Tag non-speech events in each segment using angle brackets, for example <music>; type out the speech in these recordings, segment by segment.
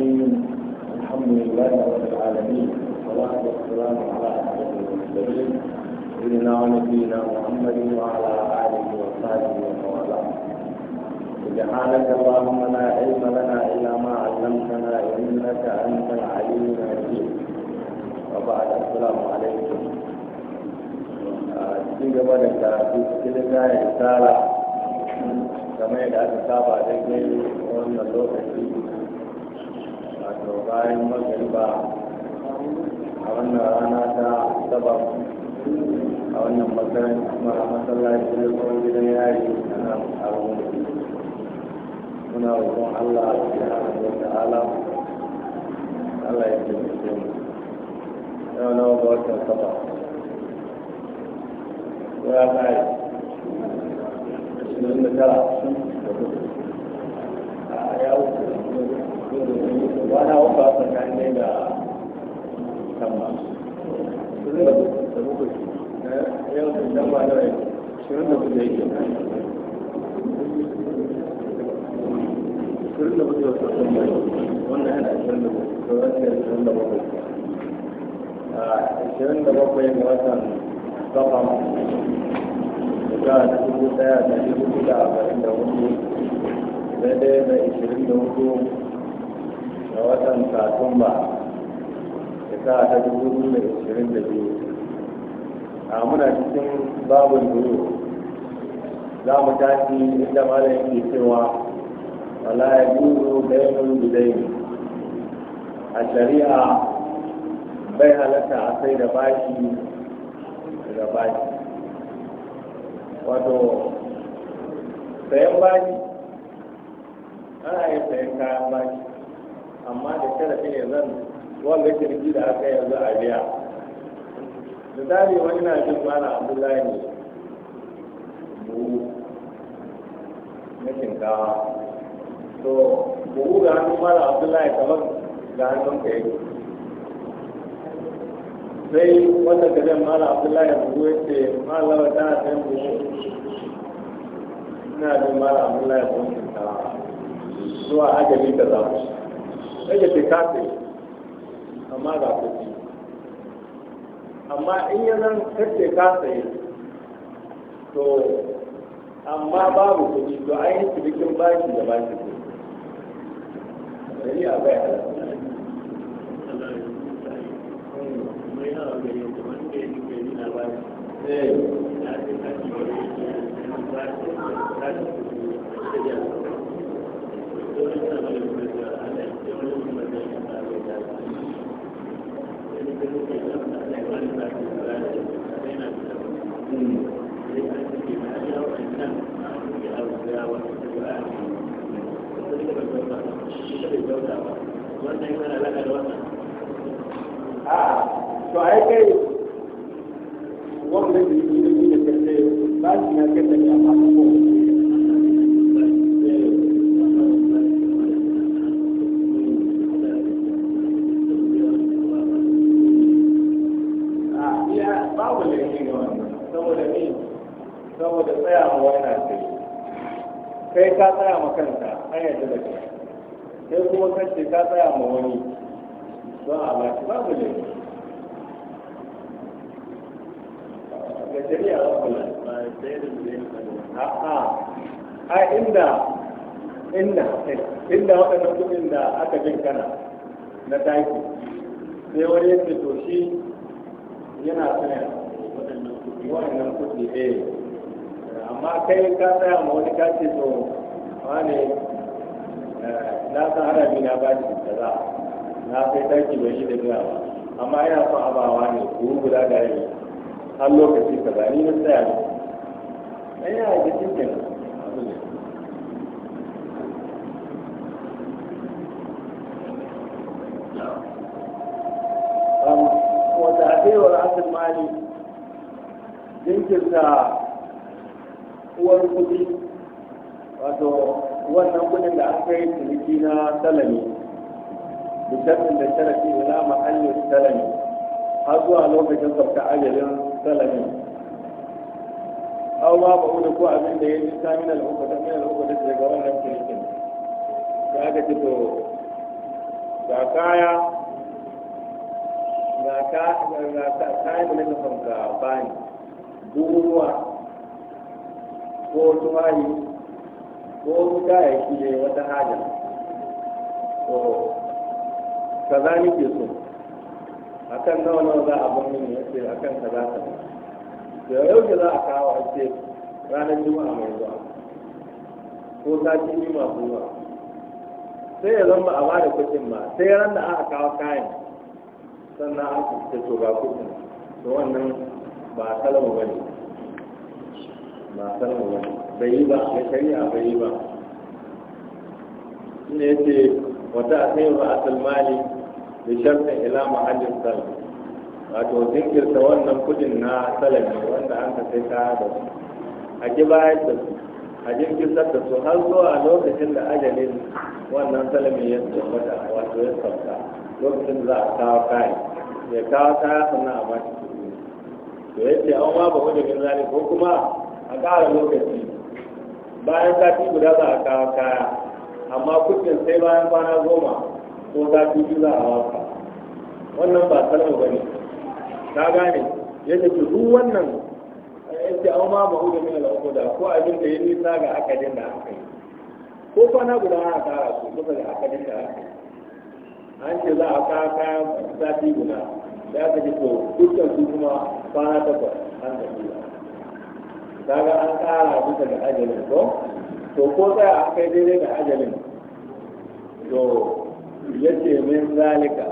الرحيم الحمد لله رب العالمين والصلاة والسلام على أشرف المرسلين سيدنا ونبينا محمد وعلى آله وصحبه ومن والاه سبحانك اللهم لا علم لنا إلا ما علمتنا إنك أنت العليم الحكيم وبعد السلام عليكم cikin gaba da karatu cikin gaya da tsara game da aka saba daidai wannan lokaci wato bayan magariba a wannan rana ta saba a wannan makarantar masallaci da kuma gidan yari a nan a muna roƙon Allah subhanahu wa ta'ala Allah ya taimake mu yau nawa wata watan saba ko ya kai ashirin da tara a yau wani hawan ba tsakanin ne da kan ba yau da dan ba da rai shirin da kuka yake shirin da kuka yake wannan yana shirin da kuka wannan shirin da kuka shirin da kuka yake watan safam da dubu daya da dubu da arba'in da hudu daidai da ishirin da hudu da watan satumba da ta dubu biyu da ishirin da biyu a muna cikin babin duro za mu tashi inda malam yake cewa wala ya duro dainun bidaini a shari'a bai halatta a sai da bashi da bashi wato sayan bashi ana yin sayan kayan bashi amma da sharafi ne zan wanda rigi da aka yanzu a biya dare wani na jin mana abdullahi ne buhu na shinkawa to buhu ga hannun mana abdullahi kamar ga hannun ka yake sai wanda gajen mala abdullahi buhu ya ce malawa tana sayan buhu ina jin mala abdullahi buhu shinkawa zuwa ajali ka zafi sai ya ce amma ga kuɗi amma in ya zan kace kafe to amma babu kuɗi to a yi cikin baki da baki ne dari a bai halatta eh. Ah, wanda ba shi na kasance a masu ka tsaya ma kanka an yadda da kai sai kuma kace ka tsaya ma wani don a ba babu ne ga shari'a ba kula a'a a inda inda inda waɗannan kuɗin da aka bin kana na taki sai wani yadda to shi yana tsaya waɗannan kuɗi eh amma kai ka tsaya ma wani kace to wane eh, na san harami na ba shi kaza na kai taki bai shi da gina ba amma yana son abawa ne kuru guda da rai har lokaci kaza ni na tsaya ne ɗan yana da cikin wata haɗewar asin mali jinkirta uwar kudi. wato wannan kudin da aka yi ciniki na salami da shafin da sharafi ila ma'allin salami har zuwa lokacin sabta ajalin salami aw ma ba'u ko abin da ya ji samin al'ukata min al'ukata daga wannan cinikin da aka ci to ga kaya ga kaya ga ka kayan da nake son ka bani duruwa ko tumayi ko wuta ya shi ne wata haja to kaza ke so a kan nawa nawa za a bar min ya ce a kaza ka da yau za a kawo a ce ranar juma'a mai zuwa ko sati biyu masu zuwa sai ya zama a bada kucin ba sai ran da aka kawo kayan sannan an ta to kucin kuɗin to wannan ba salama ba ne ba salama ba ne bai yi ba ya karya bai yi ba shine yace wata a kai ba asal mali da shafin ila mahallin sal wato jinkirta wannan kudin na salami wanda an ka sai ta da su a ki bayar da su a jinkirtar da su har zuwa a lokacin da ajalin wannan salami ya tabbata wato ya sauka lokacin da za a kawo kayan ya kawo kayan sannan a bashi to yace an ba wajen zane ko kuma a ƙara lokaci bayan sati guda za a kawo kaya amma kudin sai bayan kwana goma ko sati biyu za a waka wannan ba sarrafa ba ne ta gane yadda ke duk wannan ce eh, an ma mahu da min da ko abin da ya nisa ga akadin da aka yi ko kwana guda ana kara su kusa da akadin da aka yi an ce za a kawo kayan sati guda ya tafi ji ko dukkan su kuma kwana takwas an tafi kaga an ƙara bisa ga ajalin ko to ko tsaya an kai daidai ga ajalin to yace min zalika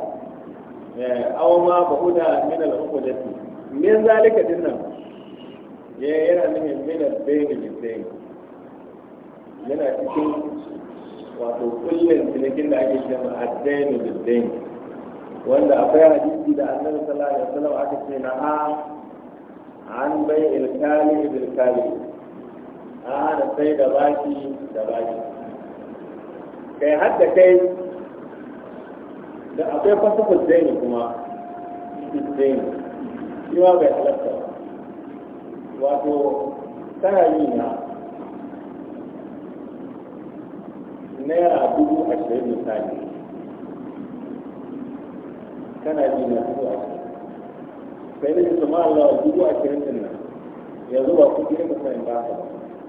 eh, aw ma bahuda min al-uqdati min zalika nan ya eh, yana nufin min al-bayni min yana cikin wato kullum cinikin da ake cewa ad-dayni bil-dayni wanda akwai hadisi da annabi sallallahu alaihi wasallam aka ce na ha an bai ilkali bilkali a hana sai da baki da baki kai hadda kai da akwai fasafin zaini kuma zaini shi ma bai halatta wato tana yi na naira dubu ashirin misali tana yi na dubu ashirin sai da su ma Allah dubu a kirin din nan yanzu ba ku kirin ka in baka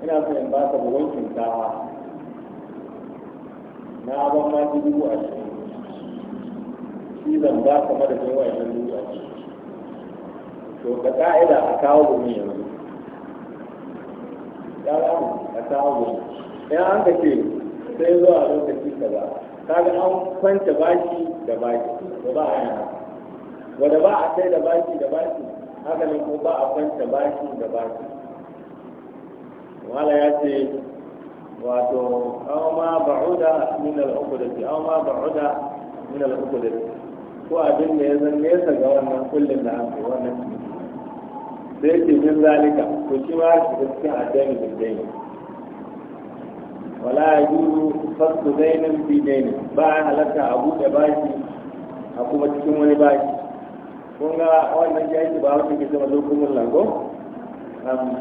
ina so in baka ba wankin dawa na ban ma dubu a cikin shi zan baka madadin wayannan dubu a shi to ka ka'ida a kawo gumi yanzu ya a kawo gumi in an ka ce sai zuwa lokaci ka ga an kwanta baki da baki ba ba a yana wanda ba a kai da bashi da bashi haka nan ko ba a kwanta bashi da bashi wala ya ce wato aw ma ba'uda min al-uqdati aw ma ba'uda min al-uqdati ko abin da ya zan nesa ga wannan kullum da aka wannan sai ce min zalika ko shi ma shi cikin addini da dai. wala yajuzu fasu dainin fi dainin ba halatta a buɗe bashi a kuma cikin wani bashi kun ga wannan ya yi ba wata kisa zama kumin lango an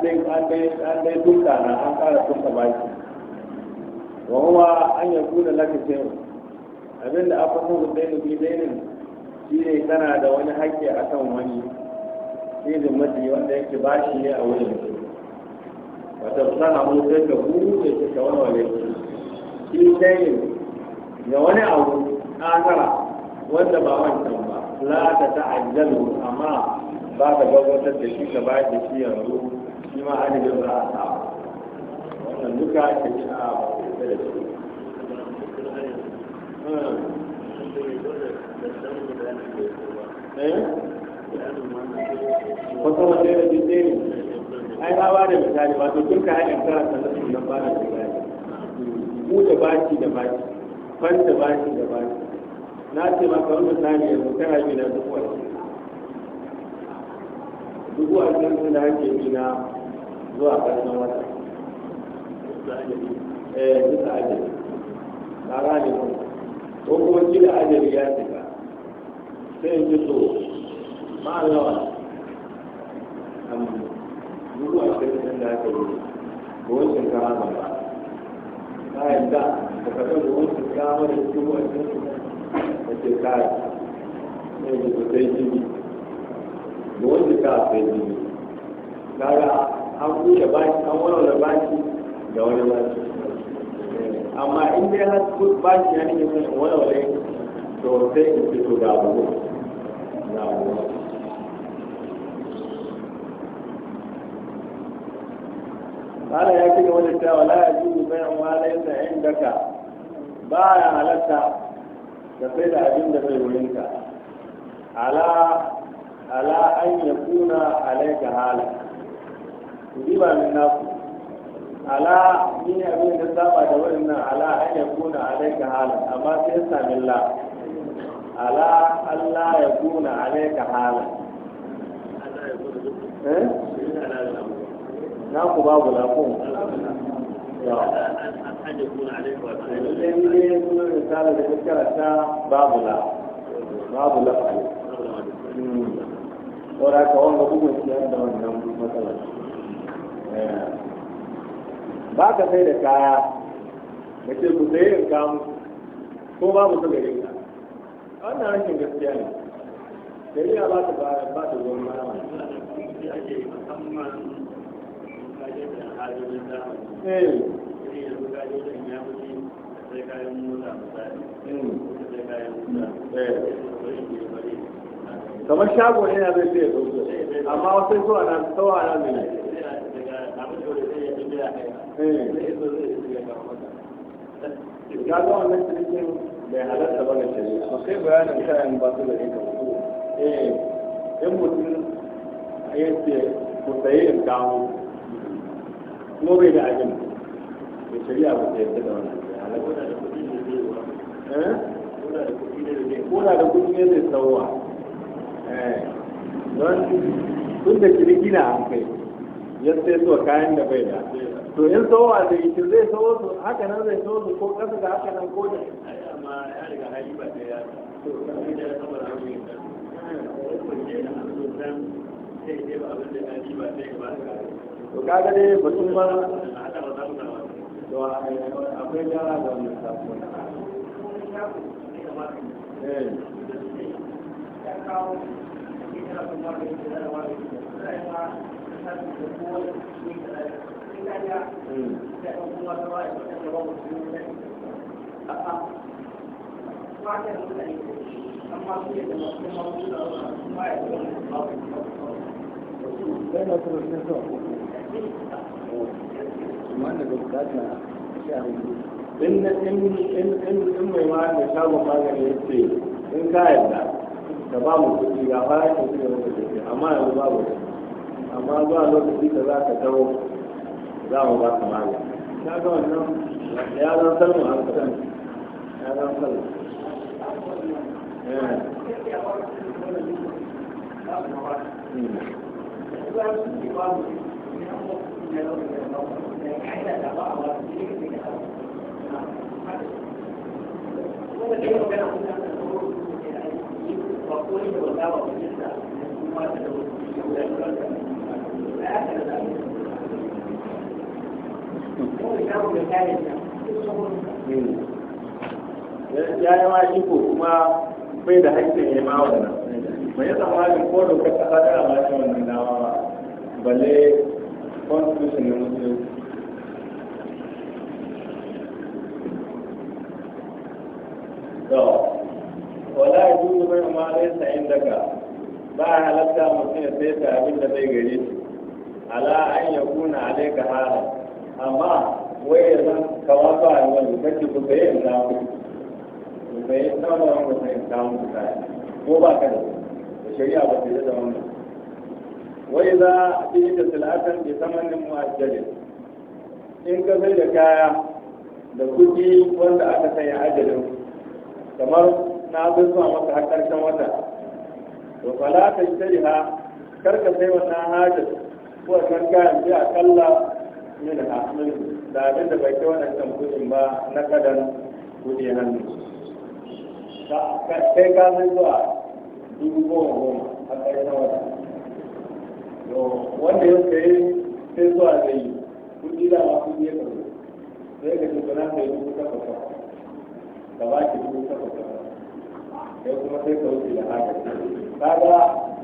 dai duka na an kara ta baki wa huwa an yi kuna lakacin abinda aka kuma dainu bi dainin shi ne tana da wani haƙƙi kan wani izin ne mace wanda yake ba shi ne a wurin wata sana mu sai ka huɗe ta wani wani shi ne ga wani abu kara wanda ba wancan la ta ta'ajjalu amma ba ka gabatar da shi ka ba da shi yanzu shi ma adadin za a samu wannan duka ke ci a da da shi Wasu wanda ya rage ne. ai ba ba da misali ba, to duka hanyar karanta da su nan ba da misali. Mu da baki da baki, fan da baki da baki, na ce maka wani tsari yanzu kana bi na duk ashirin dubu ashirin suna ake bi na zuwa ƙarshen wata eh duka ajali na gane ku ko kuma kila ajali ya cika sai in ji to ma'anawa duk ashirin sun da aka yi buwan shinkafa ba ba yadda da kasar buwan shinkafa da dubu ashirin na ce kai ne da su sai da wanda ka sai jini kaga an kuce baki an walwala baki da wani baki amma in dai har baki ya nake mai to sai in fito da abu da abu قال يا كده ولا ولا يجوز بيع ما ka, ba ya على da sai da abin da bai wurinka ala ala an ya kuna alaika hala ba min naku ala ni abin da saba da wurin nan ala an ya kuna alaika hala amma sai samin la ala Allah ya kuna alaika hala eh? na ku babu lafon babu la babu la ora ka wanda kuma shi da wannan matsala ba ka sai da kaya da ke ku sai yin kamu ko babu su gare ka wannan rashin gaskiya ne gari ba ta ba ta zuwa mara wani Eh. kamar shago ne na zai zai zo amma wasu zuwa na tsawa na mai ya eh. ga wannan cikin bai halatta ba na shari'a ba sai bayanin kayan ba su da rika eh in mutum ya ce ku sayi in kawo ko bai da ajin da shari'a ba ta yarda da wannan koda eh? da kuɗi ne zai sauwa eh. don tun da ciniki na an kai ya sai zuwa kayan da bai da to in sauwa da yi zai sauwa su haka nan zai sauwa su ko kasa da haka nan ko da amma ya riga hali ba ta ya to kan da kamar hali ne ko ne da hannun nan sai dai ba abin da hali ba ta ya ba to kaga dai batun ma to akwai da wani eh. Thank you. in in mai ma da shagon magani ya ce in ka yarda ka ba mu kuɗi ga fara ka da wata jirgi amma yanzu babu amma zuwa lokaci da za ka taho za mu ba ka magani ya ga wannan ya zan salmu a kan ya zan salmu ya yi ma iko kuma bai da haƙƙin ya ma wannan mai yasa malin ko dokar ƙasa tana ba shi wannan dama ba balle constitution na yi to wala yajuzu bai ma laysa indaka ba halatta mutum ya sai ta abin da bai gare shi ala an yakuna alayka hala amma wai ya san kawa ba a yi wani kake ku sai in zamu ku sai in zamu ku sai in zamu ku sai ko ba ka da shari'a ba ta da wannan وإذا أتيت سلعة بثمن مؤجل إن كفيت كايا da kuɗi wanda aka sanya ajalin kamar na zuwa masa har ƙarshen wata to fala ta shari ha karka sai wannan hajar ko kan kayan bi akalla min ha min da abin da bai kai wannan kan kuɗin ba na kadan kuɗi hannu kai ka sai zuwa dubu goma goma a ƙarshen wata wanda ya sayi sai zuwa zai yi kuɗi da ma kuɗi ya karɓi sai ka tuka na sayi dubu takwas ka ba ki dubu takwas sai kuma sai ka wuce da haka ka ba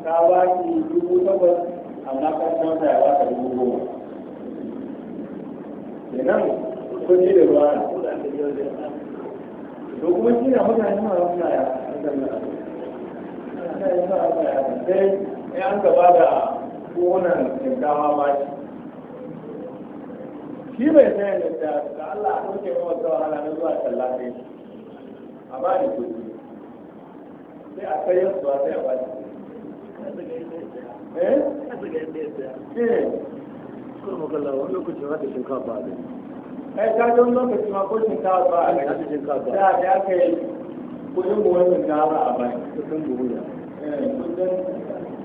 ka ba ki dubu takwas amma ka san ya ba ka dubu goma kenan kuɗi da ruwa to kuma shi na mutane ma wani ya sai an gaba da gonan gaggawa ba shi shi bai sayar da da Allah a ɗauke ma wata wahala na zuwa tallafi a ba ni kuɗi sai a kai yanzu ba sai a ba shi eh? kuma kallon wani lokaci wata shinkafa a ai ka don lokaci ma ko shinkafa a gani shinkafa da ya kai kuɗin buhun shinkafa a bai kuɗin buhun ya eh,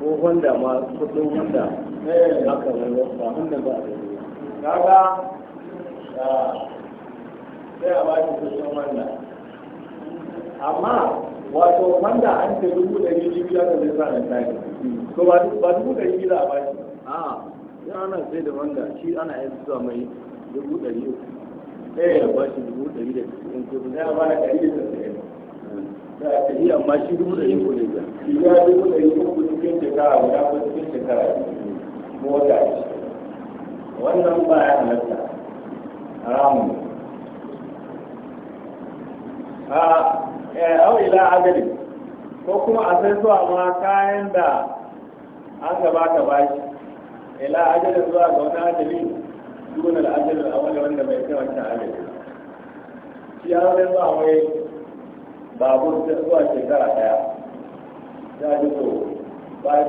ko wanda ma kudin wanda eh. aka rayuwa ba wanda ba a rayuwa kaga ah, sai a bashi shi kudin wanda amma wato wanda an ce dubu ɗari biyu ya ka zai sa na tari to ba dubu ɗari yi za a bashi. A'a, a ya ana sai da wanda shi ana yin zuwa mai dubu ɗari uku eh ba shi dubu ɗari da cikin kudin ya ba da ɗari da tasirin yi amma shi dubu da yi kone ba shi ya dubu da yi uku cikin shekara guda ko cikin shekara mota ce wannan ba ya halatta haramu a eh, au ila agali ko kuma a sai zuwa ma kayan da an gabata ba bashi ila ajalin zuwa ga wani ajali duna da ajalin awali wanda bai kai wancan ajali shi ya zai zuwa wai babur ta zuwa shekara daya ya ji so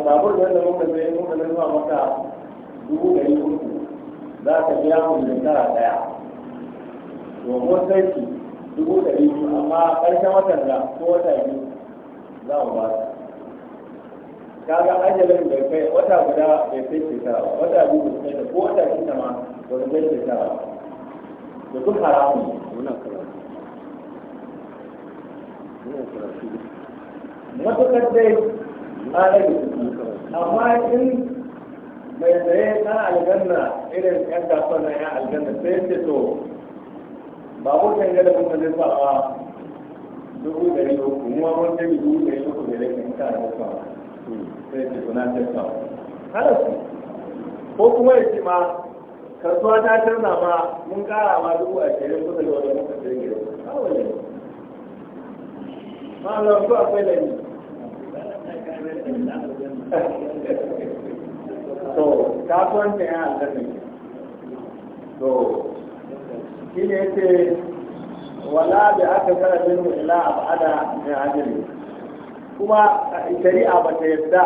babur da yadda muka sai muka nan zuwa maka dubu ɗari kuku za ka biya mu shekara daya domin ki dubu ɗari biyu amma ƙarshen watan da ko wata yi za mu ba ta kaga ajalin da kai wata guda bai kai shekara ba wata biyu da kai ko wata shida ma su kai shekara ba da duk haramun matuƙar dai malami amma in mai tsaye na aljanna irin yan kasuwan na yan aljanna sai ce to babu kan gada kuma zai sa a dubu ɗari uku kuma mun ce dubu dari uku da yake in ka da sa sai ce to na ce sa halasu ko kuma ya ce ma kasuwa ta canza ma mun ƙara ma dubu ashirin kusa da wani muka sai gida malam ko akwai da ni to kasuwanci ya aljanna ne to shi ne yake wala da aka kara bin ila abada min ajali kuma shari'a ba ta yadda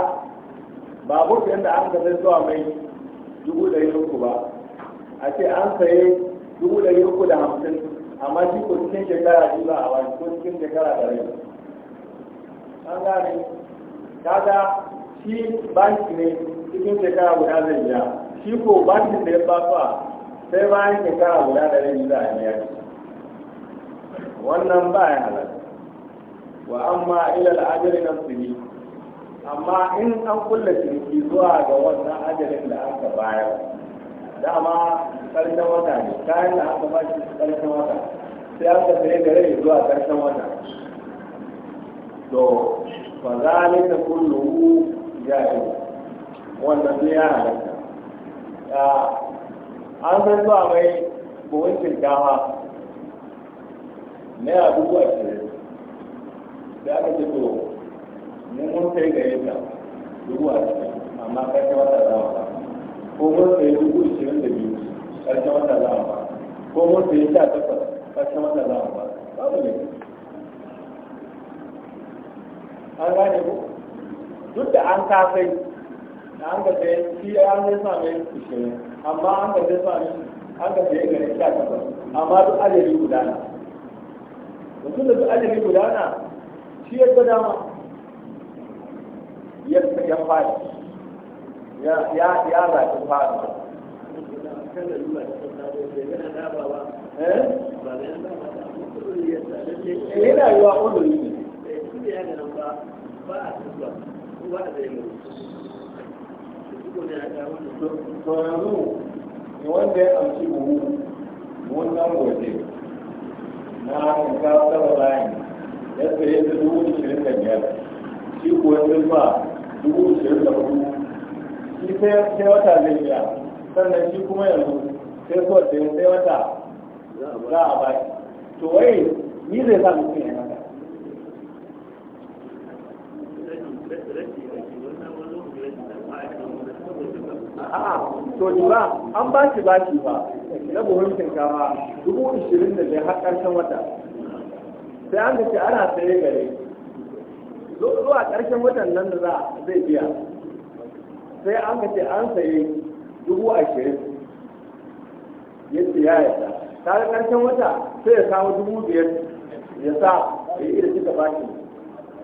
babur da an kasar zuwa mai dubu ɗari uku ba a ce an saye dubu ɗari uku da hamsin amma shi ko cikin shekara biyu ba a wani ko cikin shekara da rai an gane kaga shi banki ne cikin shekara guda zai biya shi ko bankin da ya fafa sai bayan shekara guda da rai za a biya wannan ba ya halatta wa amma ila al'ajari na su amma in an kulle ciniki zuwa ga wannan ajalin da aka bayar dama karshen wata ne kayan da aka ba shi karshen wata sai aka sai da rai zuwa karshen wata to fa zalika kulluhu yi wannan ne ya halatta an san zuwa mai buhun shinkafa naira dubu ashirin da aka ce to mun mun sai gare ta dubu ashirin amma karshen wata za ba ko mun sai dubu shirin da biyu karshen wata za ba ko mun sai sha takwas karshen wata za ba babu ne an gane ku duk da an kasai da an ga sai shi an zai sa mai ishirin amma an ga zai sa mai an ga sai gare sha takwas amma duk adadi guda na mutum da duk adadi guda na shi ya ga dama ya ya fadi ya ya ya zaɓi fadi eh? yana yiwa ƙudurri in ya yana nan ba ba a tuba ko ba a zai mai to yanzu wanda ya amshi buhu wannan waje na kanka sama bayan ya tsaye da dubu ishirin da biyar shi kuwa ba dubu ishirin da hudu shi sai wata zai biya sannan shi kuma yanzu sai so sai wata za a ba to wai ni zai sa mutum ya maka a'a to ni ba an ba shi ba shi ba na buhun shinkafa dubu ishirin da zai har ƙarshen wata sai an ce ana saye gare zuwa ƙarshen watan nan da za zai biya sai an ce an saye dubu ashirin yadda ya yarda ta ƙarshen wata sai ya kawo dubu biyar ya sa ya yi da cika ba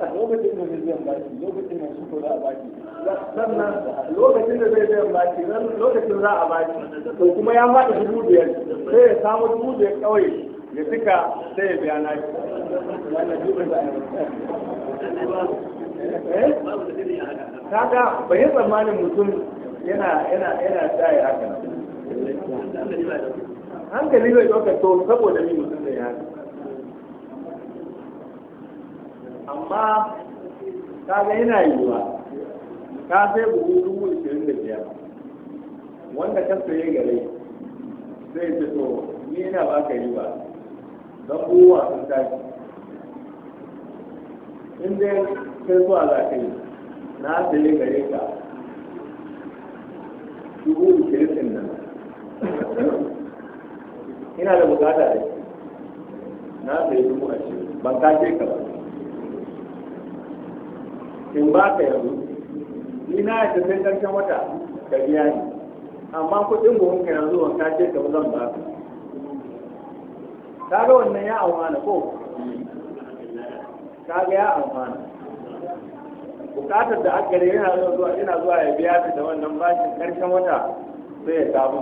a lokacin da zai biyan baki lokacin da su za a baki sannan lokacin da zai biyan baki lokacin za a baki to kuma ya faɗi dubu biyar sai ya samu dubu biyar kawai ya cika sai ya biya nashi wannan dubu da ya eh? kaga bai yi tsammanin mutum yana yana yana tsaye haka hankali bai ɗaukar to saboda ni mutum da ya haka amma kaga yana ba ka sai buhu dubu ishirin da biyar wanda ka saye gare zai ta to ni ina ba ka yi ba don buwa sun tashi in dai kai zuwa za ka yi na saye gare ka dubu ishirin din nan ina da bukata da shi na saye dubu ashirin ban kace ka ba in ba ka yanzu ni na yadda sai karshen wata ka biya ni amma kuɗin buhun ka yanzu ban ka ce ka ba zan ba ka ka ga wannan ya amfana ko ka ga ya amfana bukatar da aka gare yana zuwa ina zuwa ya biya ta da wannan bashin karshen wata sai ya samu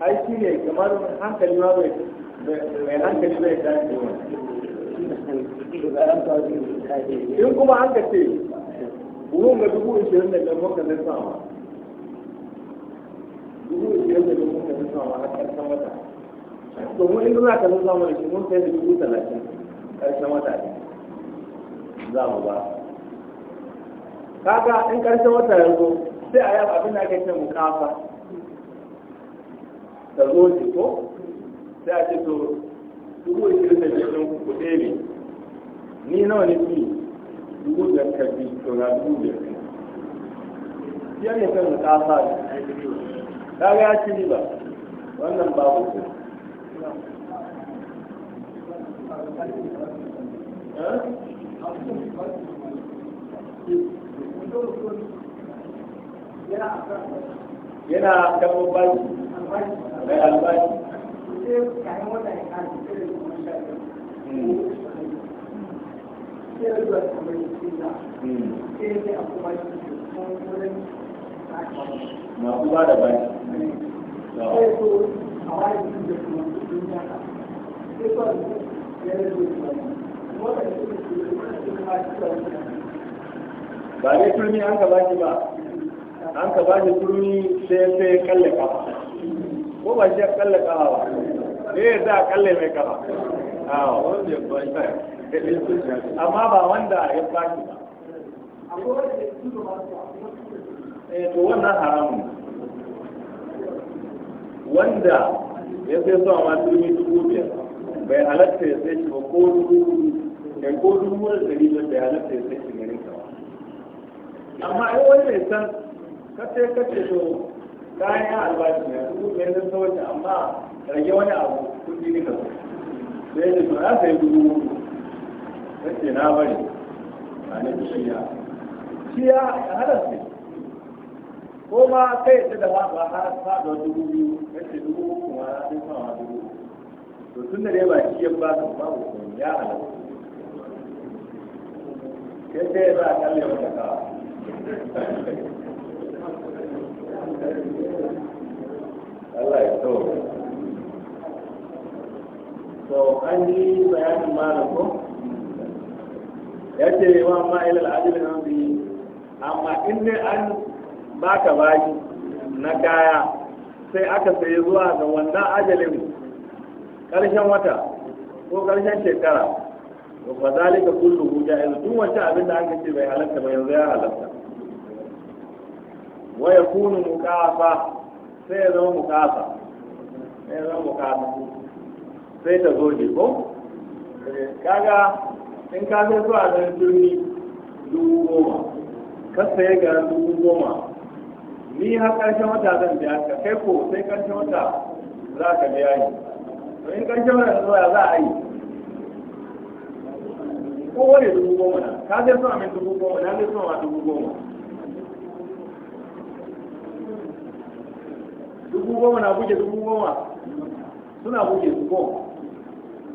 ai shi ne kamar hankali ma bai mai in kuma an ka ce wurin ga dubu ishirin da ɗan maka zai sama dubu ishirin da ɗan ka zai sama a ƙarshen wata domin in za ka zai sama da shi mun sai da dubu talatin ƙarshen wata ne za mu ba kaga in ƙarshen wata ya zo sai a yi abin da ake ce mu kafa ta zo ko sai a ce to dubu ishirin da biyar ɗin ku ɗaya ne ni nawa ne fi dubu da kabi to na dubu biyar ya ne kan kasa ne ta ga ya ci riba wannan babu ku yana kan bashi mai albashi na kuma da bai ba ne turmi an ka ba ba an ka ba turmi sai sai kallaka ko ba shi kallaka ba me yasa kalle mai kafa amma ba wanda ya baki ba eh to wannan haramun wanda ya sai sa ma turmi dubu biyar bai halatta ya sai shi ba ko dubu kai ko dubu da dari biyar bai halatta ya sai shi garin ka amma ai wanda ya san kace kace to kayan albashi ne dubu biyar da sauki amma rage wani abu kuɗi nika sai da tura sai dubu hudu sai na bari a na bishiya shiya a halar ne ko ma kai ta da ma ba har faɗo dubu biyu sai dubu uku ma na sai sama dubu to tun da dai ba shi ya ba ka babu komai ya halar kai sai za a kalle wata kawa <laughs> Allah ya tsawo to an yi bayanin malam ko ya ce wa amma ilal ajilin an bi amma in dai an baka bashi na kaya sai aka sayi zuwa ga wannan ajalin Karshen wata ko karshen shekara to fa zalika kulluhu ja'iz duk wata abin da aka ce bai halatta ba yanzu ya halatta wa yakunu muqafa sai ya zama muqafa sai ya zama muqafa sai ta goge ko kaga in ka zai zuwa garin birni dubu goma ka saye garin dubu goma ni har ƙarshen wata zan biya ka kai ko sai ƙarshen wata za ka biya ni to in ƙarshen wata zuwa za a yi ko wani dubu goma na ka zai zuwa min dubu goma na zai zuwa dubu goma dubu goma na buge dubu goma suna buge su goma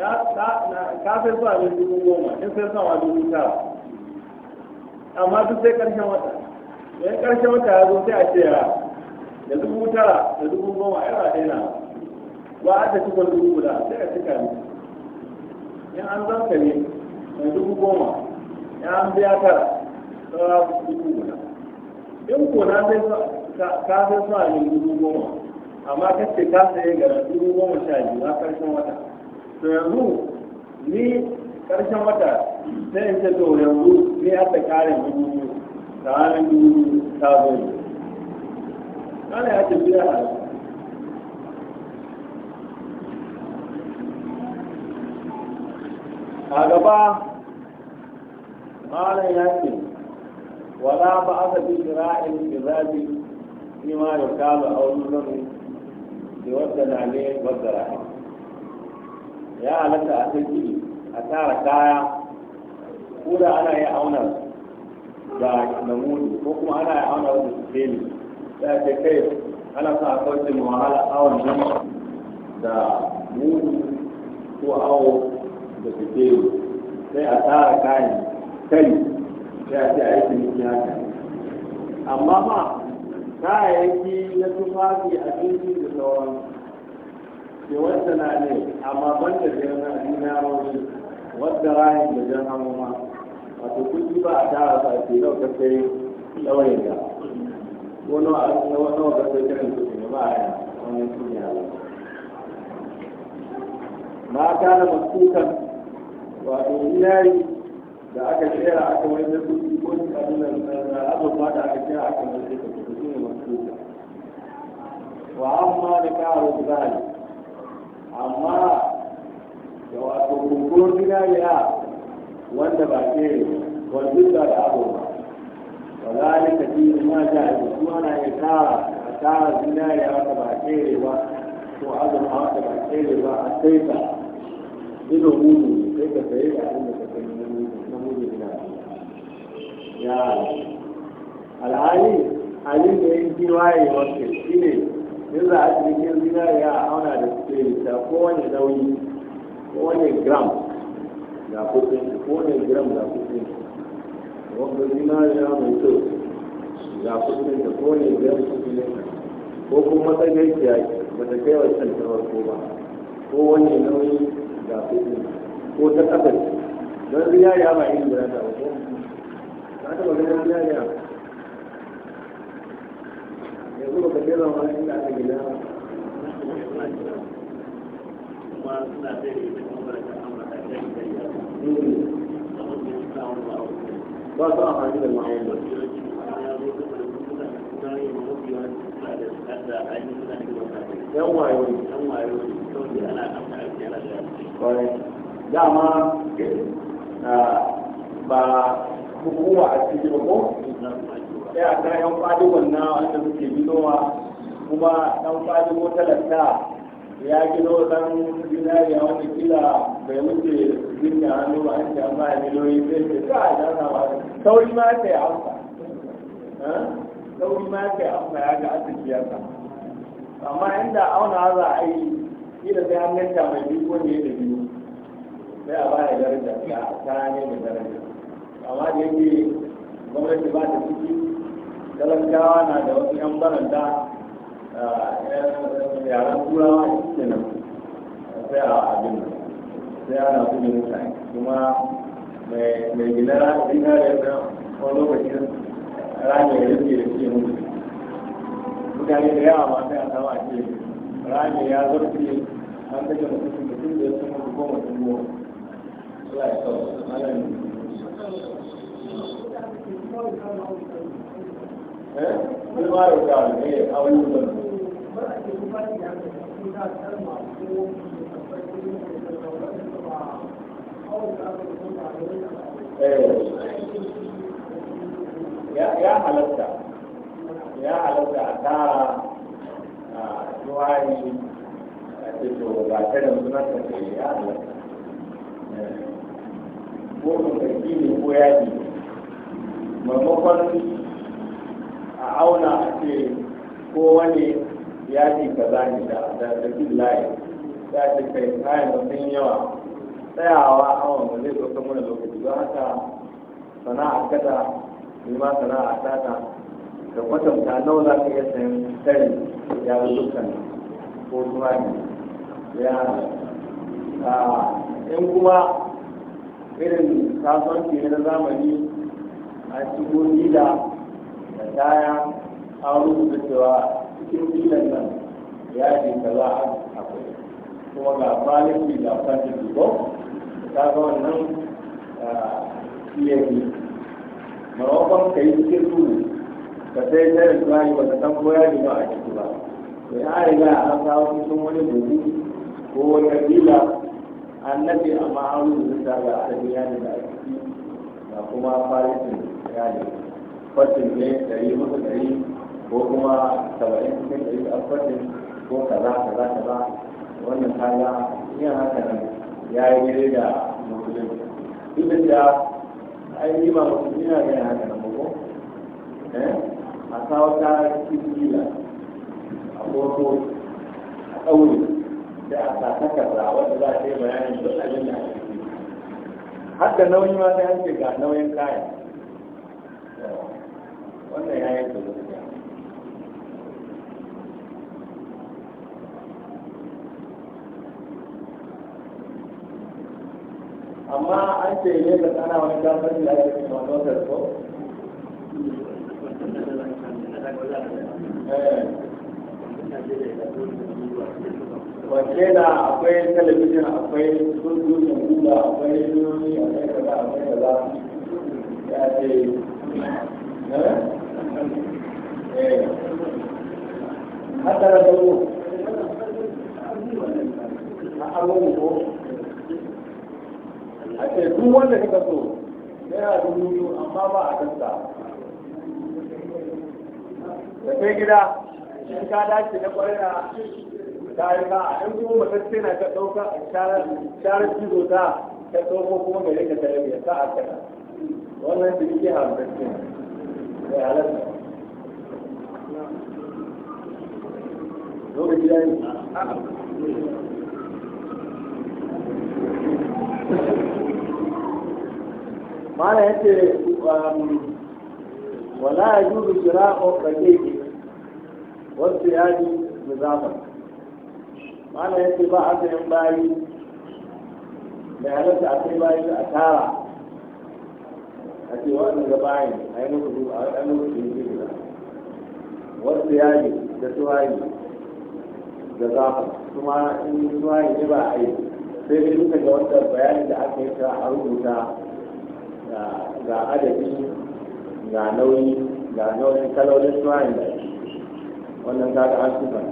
ka sai sa ne dubu goma in sai sa wa dubu tara amma duk sai karshen wata idan karshen wata ya zo sai a ce da dubu tara da dubu goma yana daina ba a da cikon dubu guda sai a cika ne in an zanka ne mai dubu goma ya an biya tara tsara dubu guda in ko na sai ka sai sa ne dubu goma amma kace ka sai ga dubu goma sha biyu a karshen wata to yanzu ni karshen wata sai in ce to yanzu ni aka kare dubu ta hannun dubu ta zo ne kana ya ce biya a a gaba malam ya ce wala ba aka fi kira'in kirabi ni ma ya kaza a wani zama da na ne wadda ra'ayi ya halatta a sai gini a tara kaya ko da ana yi auna da namuni ko kuma ana yi auna da su feli da ke kai ana sa a kawai wahala awon nan da mudu ko awo da su feli sai a tara kayan kai sai a ce a yi ciniki haka amma ba kayayyaki na tufafi abinci da sauransu ke wanda na ne amma ban da jiran hadisi na rauni wadda rahin da jan hamama wato kuɗi ba a tara a ce nau ka sai lawayin ko nawa nawa ka sai kiran su ne ba a yi wani sun yaro ma kana masukan wato iyari da aka kera aka wani da kuɗi ko da abin da azurfa da aka kera aka wani da kuɗi ne masukan wa amma da karo zahari amma da wato kukuwar zinariya wanda ba ke wanzu da abu ba ba ne a nika ji ma ja a jisu ana iya tara a tara zinariya wanda ba ke ba ko azurfa wanda ba ke ba a sai ka ido mudu sai ka sayi da abin da ka sayi na mudu zinariya ya alhali abin da yin kiwaye wasu shi in za a cikin zinariya a auna da suke ta kowane nauyi kowane gram na kudin kowane gram na wanda zinariya mai kyau na kudin da kowane gram kudin ko kuma ta ba ta kai wa ko ba kowane nauyi na ko ta don zinariya ba yin gudanar da wasu ta taɓa ganin zinariya yanzu ba ka jera wani inda aka gina kuma suna da ita kuma da ya ba su da yan wayo da dama eh, ah, ba hukuma a cikin ko sai ga yan fadi wannan wanda suke bidowa kuma dan ko talatta ya gino dan a wani kila bai wuce zinga hannu ba an ce amma ya miliyoyi sai ce za a jana ba sauri ma ya kai amsa sauri ma ya kai amsa ya ga asibiti ya amma inda auna za a yi kila sai an ganta mai biyu ne da biyu sai a baya daraja ta ne da daraja amma da yake gwamnati ba ta ciki talakawa na da wasu yan baranda yaran turawa ke nan sai a abin sai ana su mutane kuma mai gina rami na yadda wani lokacin rami ya rufe da ke mutu mutane da yawa ma sai a sama a rami ya zarfe an kashe mutum mutum da ya sun mutu ko mutum goma Allah ya kawo malam mun ma ne a ya halatta ya halatta a tara a tuwayi a cikin ga ta da sunan ta ke ya halatta ko kuma ne ko yaji maimakon a auna a ce ko wani ya ce ka za ni da da bin layi ya ce kai kayan sun yawa tsayawa awon ba zai ɗaukar mana lokaci ba haka sana'a kada ni ma sana'a tata da kwatanta nawa za ka iya sayan zo dukkan ko turani ya in kuma irin kasuwanci na zamani a cikin gida kaya an rubuta cewa cikin filan nan ya ce ka za a akwai kuma ga kwanaki ga kwanci dubo ta ga wannan fiye maimakon ka yi cikin rubu ka sai ta yi zuwa yi wata san koya ne ba a ciki ba to ya riga an kawo cikin wani buhu ko wata fila an nace amma an rubuta ga arabiya ne da a ciki ga kuma kwanakin ya ne fashin ne ɗari mutu ɗari ko kuma saba'in cikin ɗari da fashin ko kaza kaza kaza wannan kaza yin haka nan ya yi daidai da musulunci duk da cewa ai yi ba musulunci na ganin haka nan ko eh? a kawo ta kibila a koto a ɗaure da a sa a wanda za ta yi bayanin duk abin da ake ciki har da nauyi ma sai an ce ga nauyin kayan wannan ya amma an ce ne tsana wani da ya ce ma don zarko eh. wace da akwai talabijin akwai sojojin guda akwai rediyoyi akwai kaza akwai kaza ya ce eh? حتى لو a أعلم هو حتى يكون ولا كتبه yana da nuno amma ba a danta da kai gida in ka dace na kwarai na tare ka a ɗan kuma matacce na ka ɗauka a sharar cizo ta ta ɗauko kuma mai rika talabiya ta a kana wannan da yake hamsin ne halatta dole gida ne mana yace um, wala yajuzu shira'u qayyid wasu yadi muzafan mana yace ba a sayan bayi da halatta a kai bayi a tara a ce waɗanda ga bayan a yi musu a yi musu wasu yadi da tuwayi da zafi kuma in zuwa ne ba a yi sai da duka ga wanda bayanin da aka yi ta a rubuta ga adadi ga nauyi ga nauyin kalolin zuwa da wannan kaga an sufan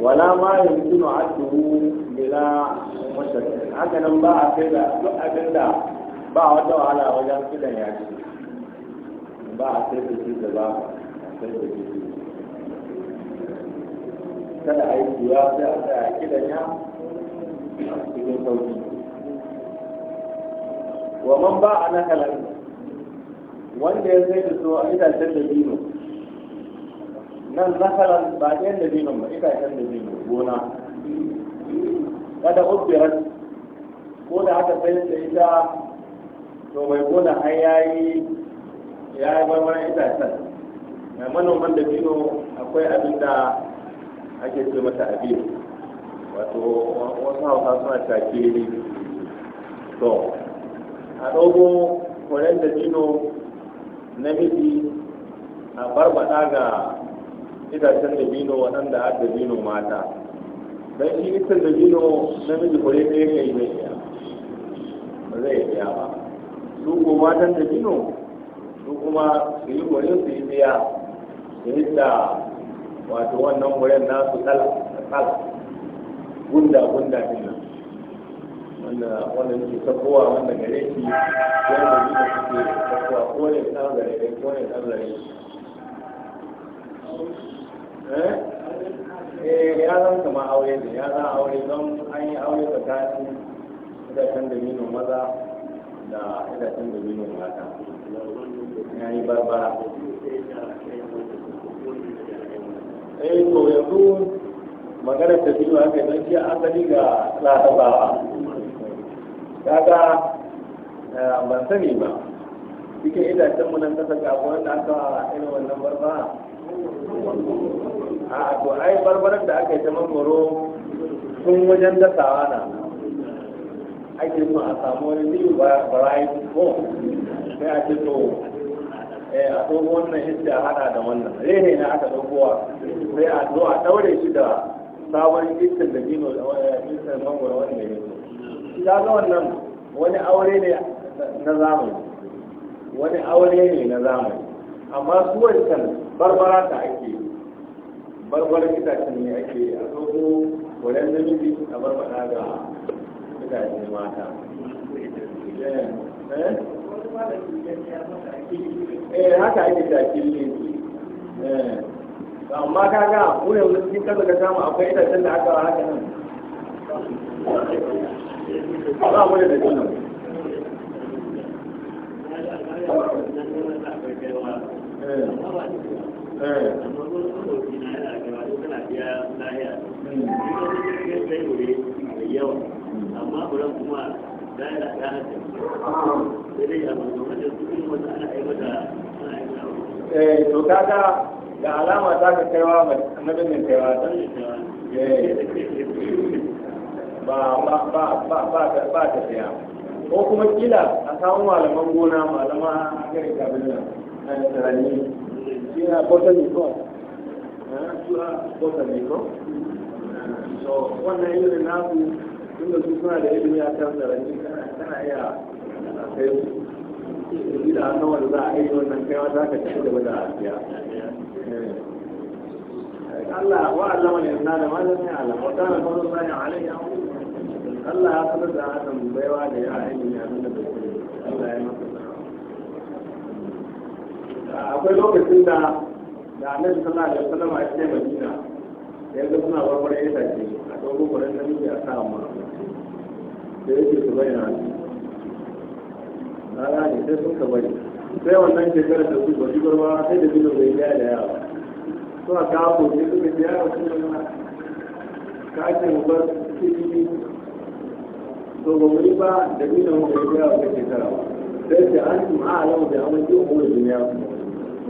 wala ma a adduhu bila mushakkin haka nan ba a kai da duk abin da ba wata wahala wajen fidan yaki ba a kai da shi da ba a kai da shi kada a yi kuwa sai a tsaya kidan ya cikin sauki wa man ba a nakalan wanda ya sai da so a itacen da bino nan nakalan ba ɗayan da ma ba itacen da bino gona kada ubbirat ko da aka sai da ita to mai gona har yi ya yi marmarin itacen mai manoman da bino akwai abin da ake ce mata abin wato wasu hausa suna take ne to a dogo kwanan da dino namiji a barbada ga itacen da dino waɗanda a da dino mata don shi itacen da dino namiji kore da ya yi zai iya ba zai iya ba su ko matan da dino su kuma su yi kore su yi biya da yi da wato wannan wurin nasu tsala tsala gunda gunda din nan wanda wanda ke sakowa wanda gare shi wanda ne da suke sakowa ko ne tsan gare ne ko ne tsan gare eh? eh ya zan kama aure ne ya zan aure don an yi aure tsakanin itacen da mino maza da itacen da mino mata ya yi barbara eh to yanzu magana ta biyu a kai don shi asali ga larabawa kaga eh, ban sani ba cikin itacen mu nan kasa ga wanda aka irin wannan barba a to ai barbaran da aka yi ta mangoro sun wajen dasawa na ake so a samu wani biyu ba variety ko sai a ce to Eh, a ɗauko wannan hidda hada da wannan rehe na aka ɗaukowa sai a zo a ɗaure shi da sabon hiddan da dino da hiddan eh, mangoro wanda ya zo ta ga wannan wani aure ne na zamani wani aure ne na zamani amma su wancan barbara ta ake barbara itacen ne ake a ɗauko wadannan namiji a barbara ga itacen mata Yeah. Eh? Eh, haka ake da kille eh, amma ka ga yanzu cikin kasa ka samu akwai itacen da aka haka nan ba mu da da hmm. amma لا eh to kaga da alama za ka kaiwa annabin nan kaiwa ta eh, ba ba ba ba ba ba ta tsaya ko kuma kila a samu malaman gona malama a gari kabin nan a tsarani shi na niko? A botany ko so wannan yi nasu tunda su suna da ilimi a kan zaranci kana iya kai su da a wanda za a yi wannan kaiwa za ka ci gaba da afiya eh. Allah wa Allah mai na da malamin Allah wa kana fadlu sani alayhi Allah ya sanar da hakan baiwa da ya aini ya nuna da Allah ya masa akwai lokacin da da annabi sallallahu alaihi wasallam a cikin Madina yanzu suna warware itace a dogon gurin namiji a sa amma da yake su bai na na gane sai sun ka bari sai wannan shekarar da su bari gwarwa sai da bilo bai yaya da yawa su a kawo ne suka ce da su ne ka ake mu bar ciki to ba mu yi ba da mu bai yaya wa shekara ba sai ce an su a yau da an yi umar duniya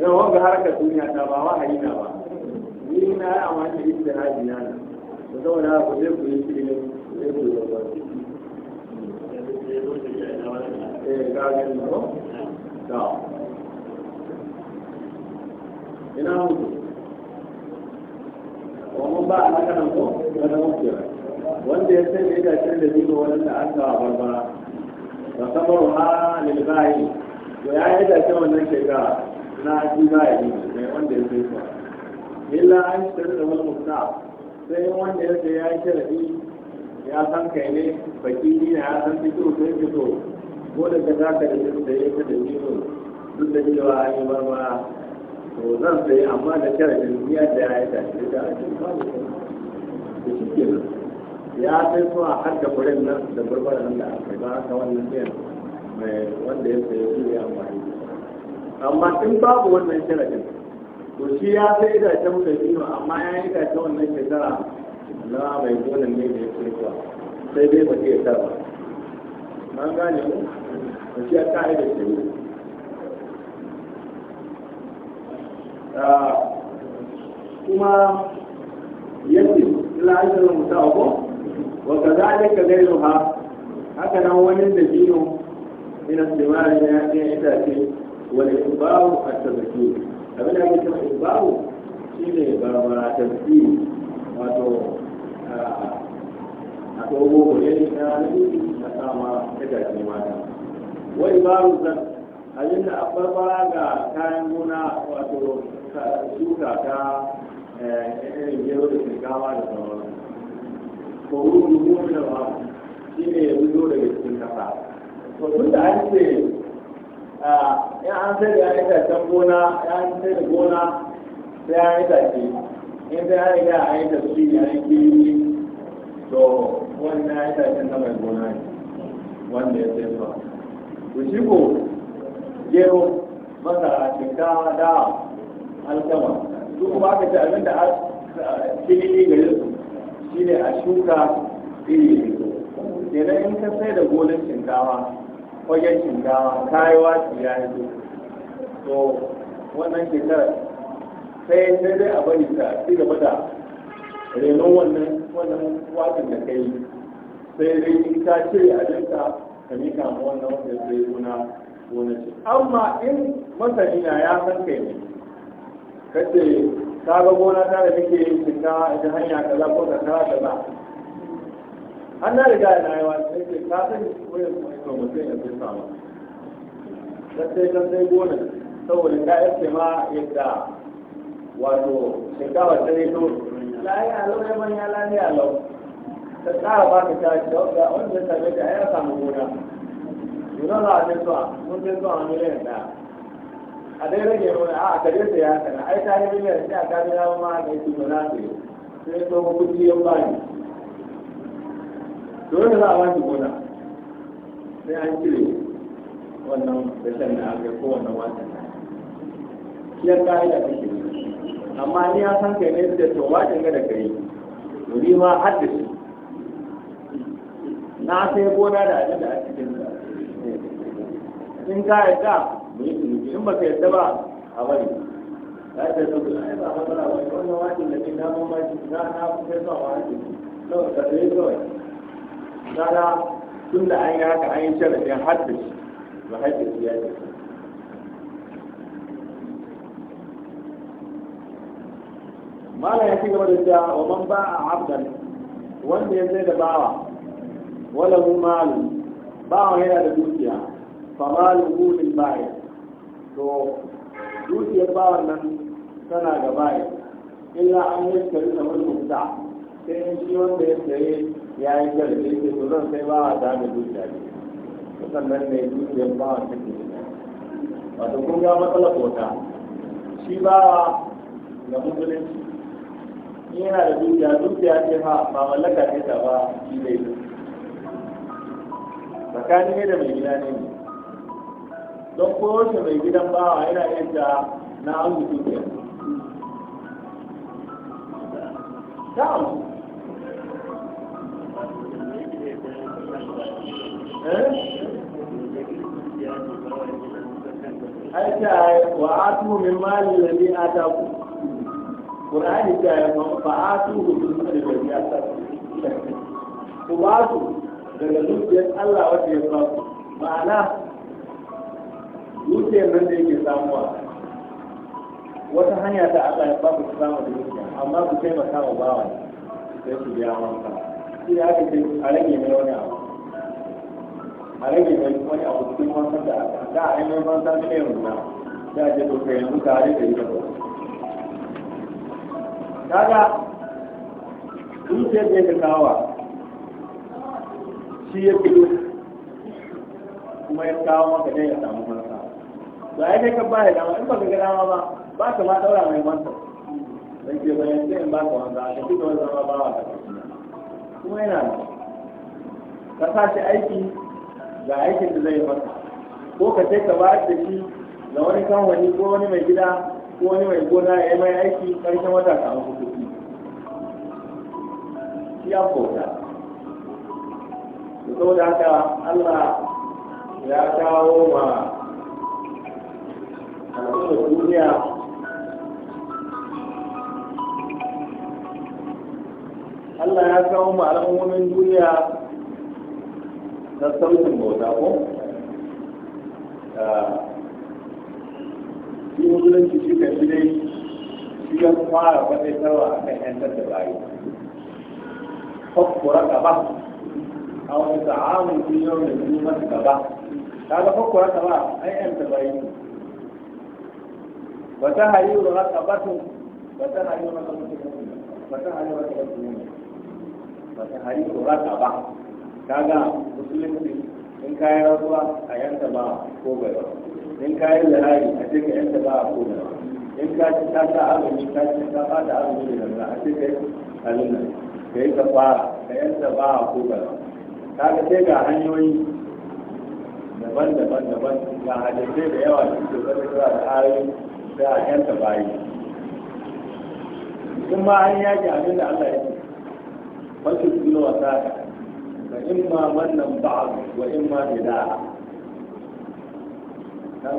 yana wanga harkar duniya ta ba wahayi na ba ni na yi amfani da istihadi na ne saboda ku je ku yi ilimin ku ku yi babbar eh gajin ko da ina mutu wannan ba a makanan ko wani mutu wanda ya sanya itacen da jino wadanda an kawo barbara da sabar ha lilbayi to ya yi itacen wannan shekara na ji bayi mai wanda ya sai kuwa illa an shi da wani mutu sai wanda ya sai ya yi sharaɗi ya san kai ne baki ne ya san fito sai fito ko da ka zaka da shi da yake da fito duk da cewa an yi barma to zan sai amma da sharadin niyya da ya yi da tashi da a cikin babu da shi ke nan ya sai so a harka kuren nan da barbara nan da aka ba haka wannan biyan mai wanda ya sayi wuri amfani amma in babu wannan sharadin to shi ya sai da ta muka amma ya yi da ta wannan shekara na mai gonan ne da ya kirkwa sai dai ba ke ba, na gane mu da shi a ka'ida ce ne ah, kuma yake la'ajar mutawa wa kazalika gairuha haka nan wani da biyu من الثمار إلى والإخبار التذكير أبدا يتم إخبار شيء برما تذكير wato. a dogo gure na namiji na ta gaji mata wani babu zan abin da abbaba ga kayan gona wato shuka ta irin gero da shinkawa da sauran ko rubu da ba shi ne ya fito daga cikin kasa to tun da an ce ya an sai da ya yi gona ya an sai da gona sai an ita in ya yi riga a yi tafsiri ya yi kiri to wannan ya tafi na mai gona ne wanda ya sai ba to shi ko gero masa shinkawa da alkama su ku ba ka ci abin da filili gare su shi ne a shuka iri ne kenan in ka sai da gonar shinkawa kwagen shinkawa kayawa su ya yi to wannan shekarar sai sai dai a bari ta ci gaba da renon wannan wannan wasan da kai sai dai in ta ce a jinka ka mika ma wannan wanda zai gona gona ce amma in masani na ya san kai ne ka ce ka ga gona ta da nake yin a ta hanya kaza ko ta kaza kaza an na riga na yawa sai ce ka san koyar kuma mutum ya fi samu sai sai gona saboda ka yake ma yadda wato shekawa ta ne to lafiya alau ya manya lafiya lau ta tsara ba ta tashi da wanda wanda ta same ta ya samu gona yuna za a taisuwa mun taisuwa a miliyan da a dai rage mana a kare ta ya kana ai ta yi miliyan sai a kare ya ma ne yake gona ta yi sai to ko kuɗi ya ba ni dole za a ba ki gona sai an cire wannan rashin da aka yi kowanne wata ciyar ka'ida kake amma ni ya san kai ne da to wajen ga da kai to ni ma haddace na sai gona da abin da a cikin in ka yadda mu yi tunuki in ba ka yadda ba a bari ya ce su da ai ba matsala ba wannan wajen da ke damar ma ji na na kuma zuwa wa haɗe kawai ka tsaye kawai kana tun da an yi haka an yi sharafin haddace ba haddace ya ce mala ya ci gaba da cewa wa man ba a abdan wanda ya sai da bawa wala mu malu bawa yana da dukiya fa malu hu lil bayi to dukiyar bawan nan tana ga bayi illa an yi kari da wani mutta sai in shi wanda ya saye ya yi jarabe ke to zan sai bawa ta da dukiya ne sannan ne dukiyar bawan ke wato kun ga matsalar kota shi bawa ga musulunci yana da dukiya dukiya ce fa ba mallaka ce ta ba shi dai da ne da mai gida ne don kowace mai gidan bawa yana yin ta na an gudu dukiya ta amu eh? aita wa atu min mali lalli ataku Kur'ani ta yi mafa'atu hudun da ya sa ku ba su daga zuciyar Allah wanda ya ba su ma'ana zuciyar nan da yake samuwa wata hanya ta Allah ya ba su samu da zuciya amma ku taimaka wa bawa sai su biya wanka shi ya aka ce a rage mai wani abu a rage mai wani abu cikin wankan da aka da a yi mai wankan da ya runa da a je to kai yanzu tare da yi da kaga zuciyar da ya kawo shi ya fito kuma ya kawo maka dai ya samu farka ba ya kai ka ba ya dama in ba ka ga dama ba ba ka ma daura mai manta Zai ke bayan sai in ba ka wanda a cikin wanda ma ba wa ka kuma yana da ka sa shi aiki ga aikin da zai maka ko ka sai ka ba da shi ga wani kamfani ko wani mai gida wani mai gona ya yi mai aiki karshen wata ka an kuɗi shi an bauta da haka Allah ya kawo ma al'ummar duniya Allah ya kawo ma al'ummomin duniya na sautin bauta ko? Ah, shi musulunci shi kan shi dai shi ya fara wata tawa a kan yantar da bayi fakkura gaba a wani ta'amun shi yau da su masu gaba ta ga fakkura gaba an yanta bayi wata hayi wa haka batun wata hayi wa haka batun wata hayi wa haka batun wata hayi wa haka ba ta ga musulunci in kayan rasuwa a yanta ba ko bai ba in ka yi lalari a ce ka ba a kona in ka ci ta sa azumi ka ci ta ba da azumi da zanga a ce ka yi halin nan ka yi ka fara ka yanta ba a kona ka ga sai ga hanyoyi daban-daban daban ga hadisai da yawa da suke a da ayoyi da a ba bayi in ma an yaki abin da Allah ya ce wasu zuwa saka fa ma wannan ba'a wa in ma bida'a sai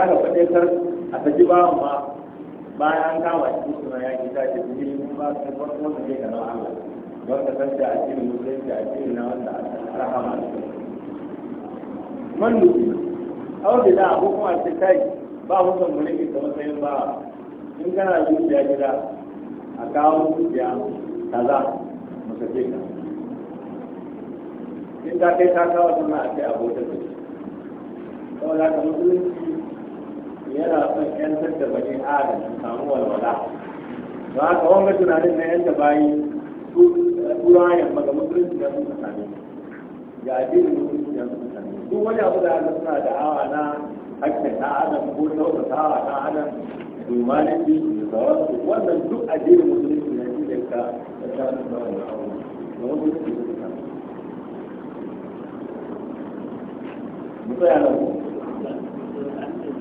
aka faɗe kar a ji bawan ma bayan an kama shi suna ya gita ce su yi ba su wasu wanda ke ga nawa Allah wanda san da addini musulunci addini na wanda a rahama man nufi awon da a ko kuma ce kai ba mu san mulki da matsayin ba in kana zuciya gida a kawo zuciya kaza mu sake ka in ta kai ta kawo suna a kai abotar da saboda ka musulunci yana son yantar da bani adam su samu walwala ba haka wanga tunanin na yanta bayi su turawa yamma ga musulunci da suka same ga da musulunci da suka same duk wani abu da aka suna da hawa na hakkin ta adam ko kyautatawa ta adam dumanin da sauransu wannan duk addinin musulunci na shi da ka ta da wannan abu da musulunci da suka same. Mutsaya na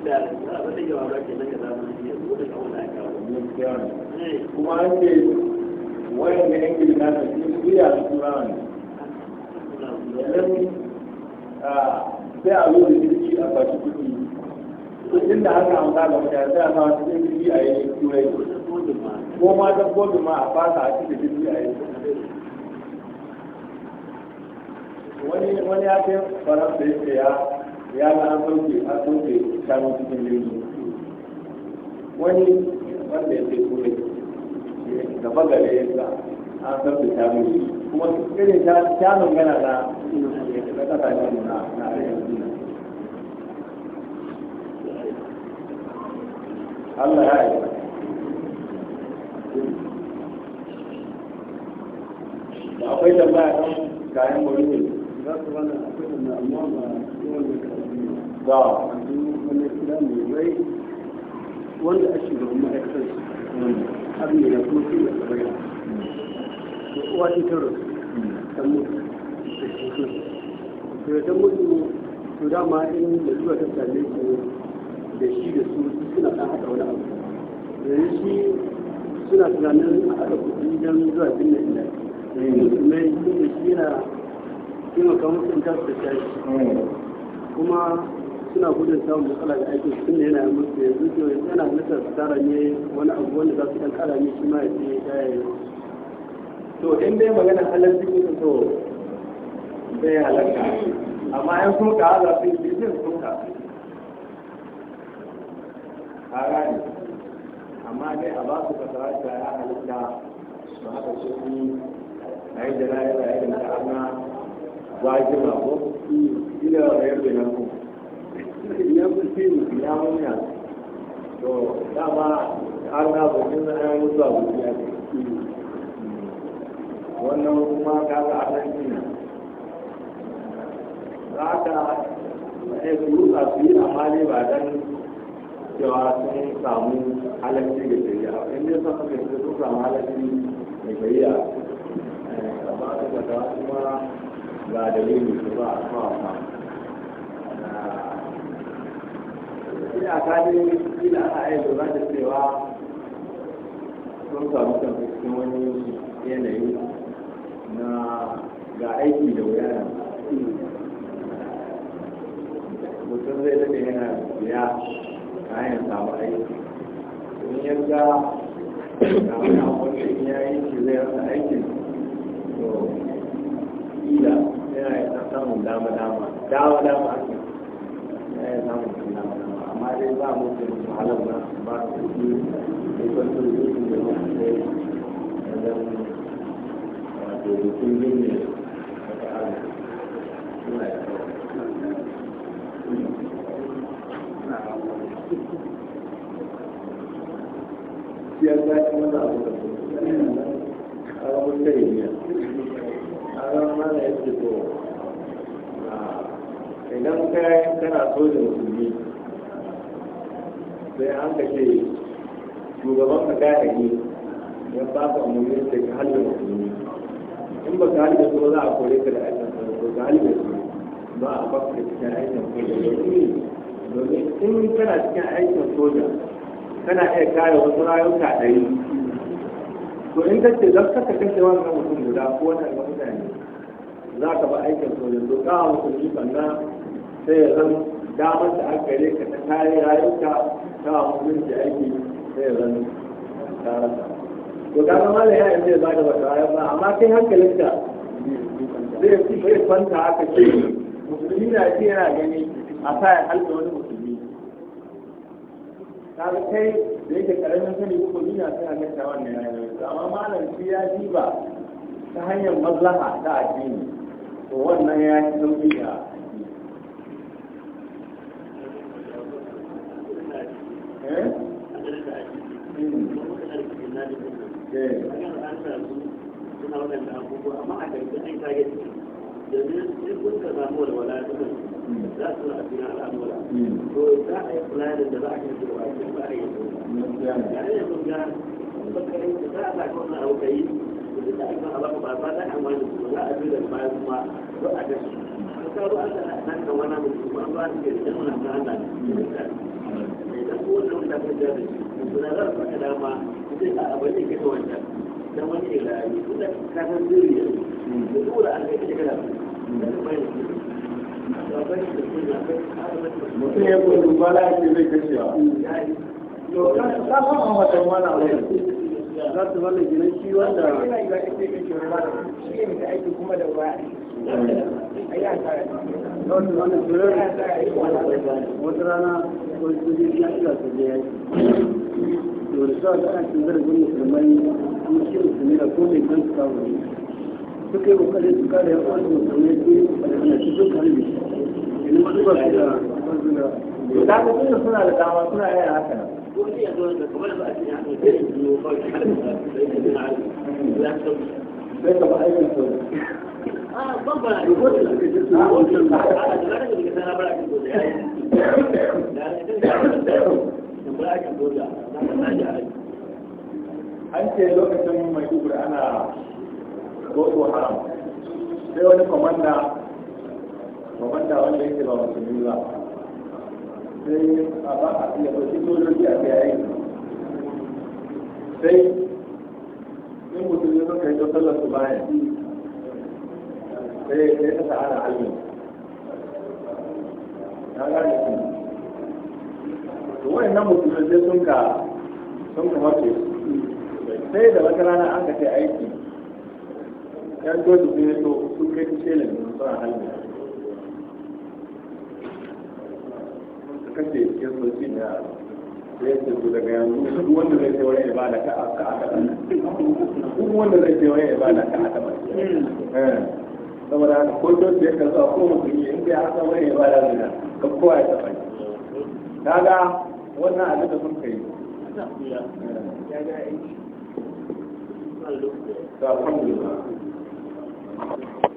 Eh. kuma an ce wayan da yan gina na cikin biya su ne idan sai a zo da jirgi a kwaci kuɗi kudin da haka amsa ga mutane sai a sa wasu jirgi a yi turai ko ma dabbobin ma a fasa a cikin jirgi a yi wani ya kai faransa ya ya ga an sauke an sauke kayan cikin yanzu wani wanda ya sai kure da gare ya sa an sauke kayan kuma irin kyanon gana na na kasashen na na arewacin Allah ya yi akwai tambaya kan kayan wani ne za su wani akwai da amma ba yawan da ba wani mai a shugaban ma'aikatar su abin kuma da uwa ta ta mutu da shi ta mutu in da zuwa ta same su da shi da su suna wani abu shi suna tunanin a don zuwa ina shi yana taimaka da shi kuma suna gudun samun matsala da aikin su ne yana musu yanzu to yanzu yana nasa su tara ne wani abu wanda za su ɗan kara ne shi ma ya ce ya yi to in dai magana halar cikin su to bai halarta amma yan kuma ka haza su yi zai sun ka a rani amma dai a ba su fasara ta ya halitta su haka shi a yi da rayuwa ya yi da na ana wajen ko ila rayuwa da nan kuma gwamna to dama har na bukin na yan zuwa bukiya wannan kuma ka ga a nan ina za ka ne su su yi amma ne ba dan cewa sun samu halarci da shari'a in ne sun suka ce sun samu halarci da shari'a eh, amma su ga kuma ga dalilin su ba a kuma ina gani ina ana iya lura da cewa sun samu kan cikin wani yanayi na ga aiki da wuya na mutum zai daga yana biya kayan samu aiki in yadda ga wani abuwan ya yi shi zai rasa aikin to ila yana samun dama dama dama dama ake yana samun dama dama amma dai ba mu da wahalar ba ba su yi da kwanto da su da wasu da ya zan wato bikin yin ne a ta'ala suna ya ya ga shi wani abu da su a wani sai an ka ce shugaban ka gaya ne ya ba ka umarni da ka halin musulmi in ba ka halin su za a kore ka da aikin ba ka halin su ba a baka cikin aikin soja domin in kana cikin aikin soja kana iya kare wasu rayuka ɗari to in ka ce za ka kashe wannan mutum guda ko wannan mutane za ka ba aikin soja to ka musulmi sannan sai ya zama damar da aka yi ka ta kare rayuka ka hukunci aiki sai zan karasa to ka zama da yayin zai zaga ba tare ba amma kai hankalinka zai fi bai kwanta haka ce musulmi na ce yana gani a sa ya halka wani musulmi ka ga kai da yake karamin sani hukumi na sai halatta wannan yayin amma malam shi ya diba ta hanyar maslaha ta addini to wannan ya yi sauki da suna waɗanda abubuwa amma a ƙarfi an kage su domin in kun ka samu walwala ta za su na afina al'amura to za a yi planning da za a kai su ba a ba a yi su ya ne kun ga bakarai da za a sa kawai na aukayi da duk da aka ba ba ba za a wani su za a bi da baya kuma ba a ga su ka kawo an da nan ka wani mutum ba ba su ke da wani ta hana da ta da kowane wanda ka jari suna za su ka dama mutum a abin da ya rayu kuma da ya ake zai kashewa to kan san an wata mana wai za su mana gidan shi wanda yana ga ake kashewa ba shi ne da ake kuma da ba wata rana wani sojoji ya shiga su je yaki to da sa ana cin zarafin musulmai kuma shi musulmai na ko mai kan kawo ne suka yi kokarin su kare yan uwan musulmai ko yi kokarin ana cikin kalbi idan su ba su da mazuna to da ka tunda suna da dama suna yin haka sai ka ba aikin sau Ah, bambara. Rubutu da ke cikin wancan ba. Ah, da ranar da ke sana bara ke gobe. Da ranar da ke sana bara ke gobe. an ce lokacin mai dubur ana boko haram sai wani komanda komanda wanda yake ba musulmi ba sai a ba a iya ɗauki sojoji a yayi sai in musulmi suka yi don sallar su baya sai ya kasa ana halin na gane su to na musulmi sai sun ka sun kuma ce sai da wata rana an ka ce aiki yan doji sun yi so sun kai ta shelin suna halin su kashe kiristoci na sai ce su daga yanzu duk wanda zai ce wani ibada ka a ka aka duk wanda zai ce wani ibada ka a ba eh, saboda haka ko doji ya karɓa ko musulmi in ya haka wani ibada zai ka kowa ya taɓa kaga wannan abin da sun kai الحمد لله